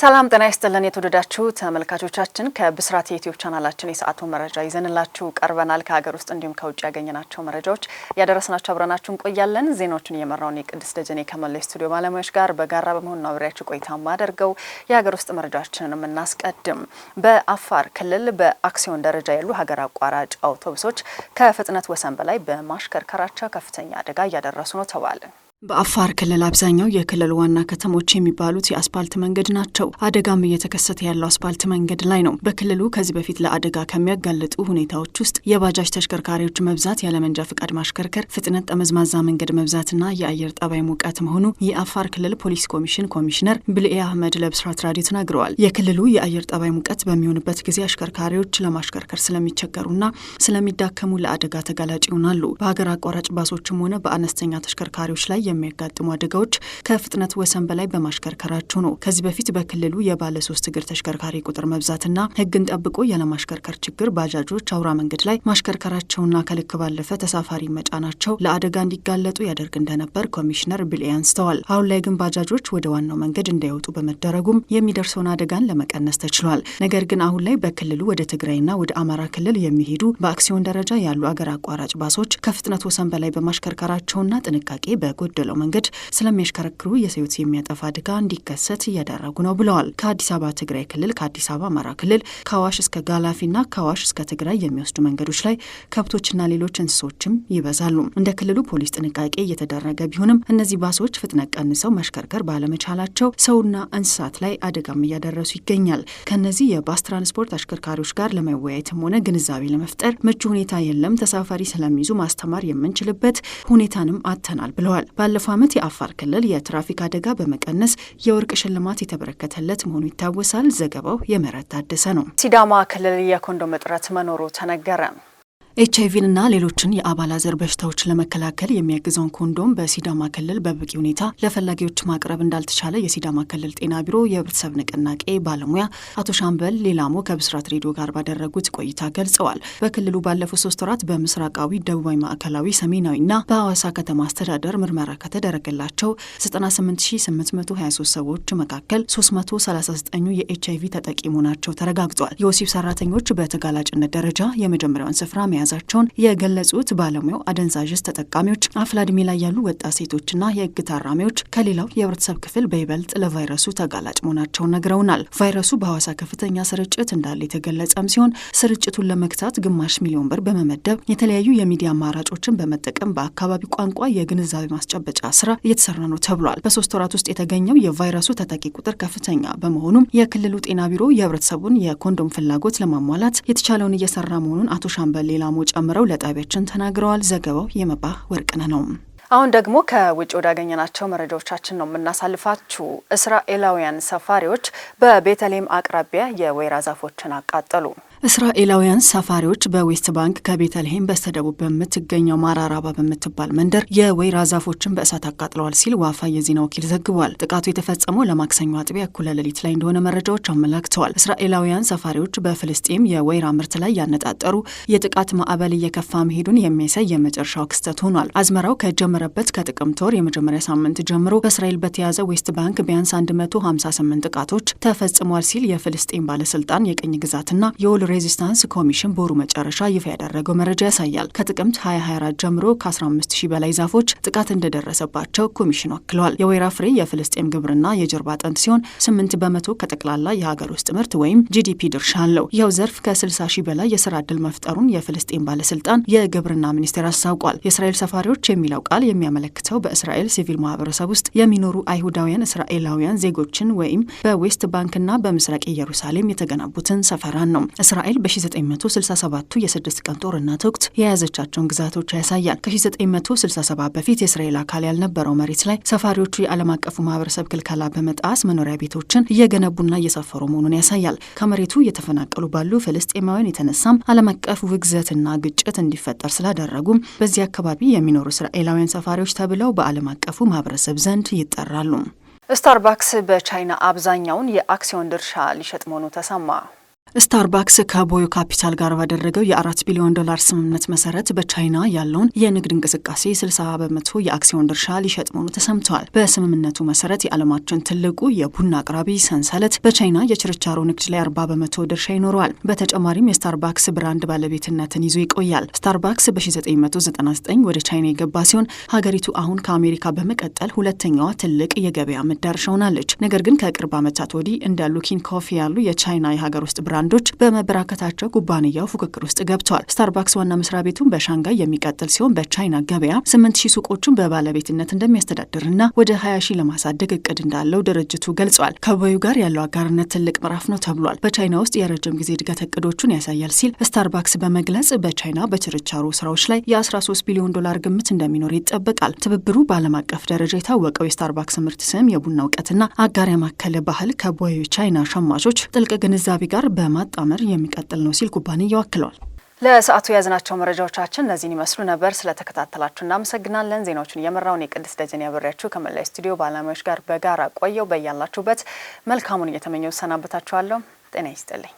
ሰላም ጤና ይስጥልን የተወደዳችሁ ተመልካቾቻችን፣ ከብስራት የዩትዩብ ቻናላችን የሰዓቱን መረጃ ይዘንላችሁ ቀርበናል። ከሀገር ውስጥ እንዲሁም ከውጭ ያገኘናቸው መረጃዎች ያደረስናቸው አብረናችሁ እንቆያለን። ዜናዎችን እየመራውን የቅድስት ደጀኔ ከመለ ስቱዲዮ ባለሙያዎች ጋር በጋራ በመሆን ነው አብሬያችሁ ቆይታ ማደርገው። የሀገር ውስጥ መረጃዎችንን የምናስቀድም በአፋር ክልል በአክሲዮን ደረጃ ያሉ ሀገር አቋራጭ አውቶቡሶች ከፍጥነት ወሰን በላይ በማሽከርከራቸው ከፍተኛ አደጋ እያደረሱ ነው ተባለ። በአፋር ክልል አብዛኛው የክልል ዋና ከተሞች የሚባሉት የአስፓልት መንገድ ናቸው። አደጋም እየተከሰተ ያለው አስፓልት መንገድ ላይ ነው። በክልሉ ከዚህ በፊት ለአደጋ ከሚያጋልጡ ሁኔታዎች ውስጥ የባጃጅ ተሽከርካሪዎች መብዛት፣ ያለመንጃ ፈቃድ ማሽከርከር፣ ፍጥነት ጠመዝማዛ መንገድ መብዛትና የአየር ጠባይ ሙቀት መሆኑ የአፋር ክልል ፖሊስ ኮሚሽን ኮሚሽነር ብልኤ አህመድ ለብስራት ራዲዮ ተናግረዋል። የክልሉ የአየር ጠባይ ሙቀት በሚሆንበት ጊዜ አሽከርካሪዎች ለማሽከርከር ስለሚቸገሩና ስለሚዳከሙ ለአደጋ ተጋላጭ ይሆናሉ። በሀገር አቋራጭ ባሶችም ሆነ በአነስተኛ ተሽከርካሪዎች ላይ የሚያጋጥሙ አደጋዎች ከፍጥነት ወሰን በላይ በማሽከርከራቸው ነው። ከዚህ በፊት በክልሉ የባለ ሶስት እግር ተሽከርካሪ ቁጥር መብዛትና ህግን ጠብቆ ያለማሽከርከር ችግር ባጃጆች አውራ መንገድ ላይ ማሽከርከራቸውና ከልክ ባለፈ ተሳፋሪ መጫናቸው ለአደጋ እንዲጋለጡ ያደርግ እንደነበር ኮሚሽነር ብሌ አንስተዋል። አሁን ላይ ግን ባጃጆች ወደ ዋናው መንገድ እንዳይወጡ በመደረጉም የሚደርሰውን አደጋን ለመቀነስ ተችሏል። ነገር ግን አሁን ላይ በክልሉ ወደ ትግራይና ወደ አማራ ክልል የሚሄዱ በአክሲዮን ደረጃ ያሉ አገር አቋራጭ ባሶች ከፍጥነት ወሰን በላይ በማሽከርከራቸውና ጥንቃቄ በጎድ በጎደለው መንገድ ስለሚያሽከረክሩ የሰው የሚያጠፋ አደጋ እንዲከሰት እያደረጉ ነው ብለዋል። ከአዲስ አበባ ትግራይ ክልል፣ ከአዲስ አበባ አማራ ክልል፣ ከአዋሽ እስከ ጋላፊና ከአዋሽ እስከ ትግራይ የሚወስዱ መንገዶች ላይ ከብቶችና ሌሎች እንስሶችም ይበዛሉ። እንደ ክልሉ ፖሊስ ጥንቃቄ እየተደረገ ቢሆንም እነዚህ ባሶች ፍጥነት ቀንሰው መሽከርከር ባለመቻላቸው ሰውና እንስሳት ላይ አደጋም እያደረሱ ይገኛል። ከነዚህ የባስ ትራንስፖርት አሽከርካሪዎች ጋር ለመወያየትም ሆነ ግንዛቤ ለመፍጠር ምቹ ሁኔታ የለም። ተሳፋሪ ስለሚይዙ ማስተማር የምንችልበት ሁኔታንም አጥተናል ብለዋል። ባለፈው ዓመት የአፋር ክልል የትራፊክ አደጋ በመቀነስ የወርቅ ሽልማት የተበረከተለት መሆኑ ይታወሳል። ዘገባው የመረት ታደሰ ነው። ሲዳማ ክልል የኮንዶም እጥረት መኖሩ ተነገረ። ኤች አይቪን እና ሌሎችን የአባላዘር በሽታዎች ለመከላከል የሚያግዘውን ኮንዶም በሲዳማ ክልል በበቂ ሁኔታ ለፈላጊዎች ማቅረብ እንዳልተቻለ የሲዳማ ክልል ጤና ቢሮ የህብረተሰብ ንቅናቄ ባለሙያ አቶ ሻምበል ሌላሞ ከብስራት ሬዲዮ ጋር ባደረጉት ቆይታ ገልጸዋል። በክልሉ ባለፉት ሶስት ወራት በምስራቃዊ፣ ደቡባዊ፣ ማዕከላዊ፣ ሰሜናዊ እና በሐዋሳ ከተማ አስተዳደር ምርመራ ከተደረገላቸው 98823 ሰዎች መካከል 339 የኤች አይቪ ተጠቂ መሆናቸው ተረጋግጧል። የወሲብ ሰራተኞች በተጋላጭነት ደረጃ የመጀመሪያውን ስፍራ መያዝ መያዛቸውን የገለጹት ባለሙያው አደንዛዥ እጽ ተጠቃሚዎች አፍላ ላይ ያሉ ወጣት ሴቶችና የህግ ታራሚዎች ከሌላው የህብረተሰብ ክፍል በይበልጥ ለቫይረሱ ተጋላጭ መሆናቸውን ነግረውናል። ቫይረሱ በሐዋሳ ከፍተኛ ስርጭት እንዳለ የተገለጸም ሲሆን ስርጭቱን ለመግታት ግማሽ ሚሊዮን ብር በመመደብ የተለያዩ የሚዲያ አማራጮችን በመጠቀም በአካባቢ ቋንቋ የግንዛቤ ማስጨበጫ ስራ እየተሰራ ነው ተብሏል። በሶስት ወራት ውስጥ የተገኘው የቫይረሱ ተጠቂ ቁጥር ከፍተኛ በመሆኑም የክልሉ ጤና ቢሮ የህብረተሰቡን የኮንዶም ፍላጎት ለማሟላት የተቻለውን እየሰራ መሆኑን አቶ ሻምበል ሌላ አለሙ ጨምረው ለጣቢያችን ተናግረዋል። ዘገባው የመባ ወርቅነ ነው። አሁን ደግሞ ከውጭ ወዳገኘናቸው መረጃዎቻችን ነው የምናሳልፋችሁ። እስራኤላውያን ሰፋሪዎች በቤተልሔም አቅራቢያ የወይራ ዛፎችን አቃጠሉ። እስራኤላውያን ሰፋሪዎች በዌስት ባንክ ከቤተልሔም በስተደቡብ በምትገኘው ማራራባ በምትባል መንደር የወይራ ዛፎችን በእሳት አቃጥለዋል ሲል ዋፋ የዜና ወኪል ዘግቧል። ጥቃቱ የተፈጸመው ለማክሰኞ አጥቢያ እኩለ ሌሊት ላይ እንደሆነ መረጃዎች አመላክተዋል። እስራኤላውያን ሰፋሪዎች በፍልስጤም የወይራ ምርት ላይ ያነጣጠሩ የጥቃት ማዕበል እየከፋ መሄዱን የሚያሳይ የመጨረሻው ክስተት ሆኗል። አዝመራው ከጀመረበት ከጥቅምት ወር የመጀመሪያ ሳምንት ጀምሮ በእስራኤል በተያዘ ዌስት ባንክ ቢያንስ 158 ጥቃቶች ተፈጽሟል ሲል የፍልስጤም ባለስልጣን የቅኝ ግዛትና የወሎ ሬዚስታንስ ኮሚሽን በወሩ መጨረሻ ይፋ ያደረገው መረጃ ያሳያል። ከጥቅምት 2024 ጀምሮ ከ15000 በላይ ዛፎች ጥቃት እንደደረሰባቸው ኮሚሽኑ አክሏል። የወይራ ፍሬ የፍልስጤም ግብርና የጀርባ አጥንት ሲሆን 8 በመቶ ከጠቅላላ የሀገር ውስጥ ምርት ወይም ጂዲፒ ድርሻ አለው። ይኸው ዘርፍ ከ60 ሺህ በላይ የስራ ዕድል መፍጠሩን የፍልስጤም ባለስልጣን የግብርና ሚኒስቴር አስታውቋል። የእስራኤል ሰፋሪዎች የሚለው ቃል የሚያመለክተው በእስራኤል ሲቪል ማህበረሰብ ውስጥ የሚኖሩ አይሁዳውያን እስራኤላውያን ዜጎችን ወይም በዌስት ባንክና በምስራቅ ኢየሩሳሌም የተገነቡትን ሰፈራን ነው። እስራኤል በ1967ቱ የስድስት ቀን ጦርነት ወቅት የያዘቻቸውን ግዛቶች ያሳያል። ከ1967 በፊት የእስራኤል አካል ያልነበረው መሬት ላይ ሰፋሪዎቹ የዓለም አቀፉ ማህበረሰብ ክልከላ በመጣስ መኖሪያ ቤቶችን እየገነቡና እየሰፈሩ መሆኑን ያሳያል። ከመሬቱ እየተፈናቀሉ ባሉ ፍልስጤማውያን የተነሳም ዓለም አቀፍ ውግዘትና ግጭት እንዲፈጠር ስላደረጉም በዚህ አካባቢ የሚኖሩ እስራኤላውያን ሰፋሪዎች ተብለው በዓለም አቀፉ ማህበረሰብ ዘንድ ይጠራሉ። ስታርባክስ በቻይና አብዛኛውን የአክሲዮን ድርሻ ሊሸጥ መሆኑ ተሰማ። ስታርባክስ ከቦዮ ካፒታል ጋር ባደረገው የአራት ቢሊዮን ዶላር ስምምነት መሰረት በቻይና ያለውን የንግድ እንቅስቃሴ 60 በመቶ የአክሲዮን ድርሻ ሊሸጥ መሆኑ ተሰምተዋል። በስምምነቱ መሰረት የዓለማችን ትልቁ የቡና አቅራቢ ሰንሰለት በቻይና የችርቻሮ ንግድ ላይ 40 በመቶ ድርሻ ይኖረዋል። በተጨማሪም የስታርባክስ ብራንድ ባለቤትነትን ይዞ ይቆያል። ስታርባክስ በ1999 ወደ ቻይና የገባ ሲሆን ሀገሪቱ አሁን ከአሜሪካ በመቀጠል ሁለተኛዋ ትልቅ የገበያ መዳረሻ ሆናለች። ነገር ግን ከቅርብ ዓመታት ወዲህ እንደ ሉኪን ኮፊ ያሉ የቻይና የሀገር ውስጥ ብራንድ ብራንዶች በመበራከታቸው ኩባንያው ፉክክር ውስጥ ገብቷል። ስታርባክስ ዋና መስሪያ ቤቱን በሻንጋይ የሚቀጥል ሲሆን በቻይና ገበያ ስምንት ሺህ ሱቆቹን በባለቤትነት እንደሚያስተዳድርና ወደ ሀያ ሺ ለማሳደግ እቅድ እንዳለው ድርጅቱ ገልጿል። ከቦዩ ጋር ያለው አጋርነት ትልቅ ምዕራፍ ነው ተብሏል። በቻይና ውስጥ የረጅም ጊዜ እድገት እቅዶቹን ያሳያል ሲል ስታርባክስ በመግለጽ በቻይና በችርቻሮ ስራዎች ላይ የ13 ቢሊዮን ዶላር ግምት እንደሚኖር ይጠበቃል። ትብብሩ በዓለም አቀፍ ደረጃ የታወቀው የስታርባክስ ምርት ስም፣ የቡና እውቀትና አጋር ያማከለ ባህል ከቦዩ ቻይና ሸማቾች ጥልቅ ግንዛቤ ጋር በማ በማጣመር የሚቀጥል ነው ሲል ኩባንያው አክለዋል። ለሰዓቱ የያዝናቸው መረጃዎቻችን እነዚህን ይመስሉ ነበር። ስለተከታተላችሁ እናመሰግናለን። ዜናዎቹን እየመራውን የቅድስት ደጀን ያበሪያችሁ ከመላይ ስቱዲዮ ባለሙያዎች ጋር በጋራ ቆየው። በያላችሁበት መልካሙን እየተመኘው ሰናበታችኋለሁ። ጤና ይስጥልኝ።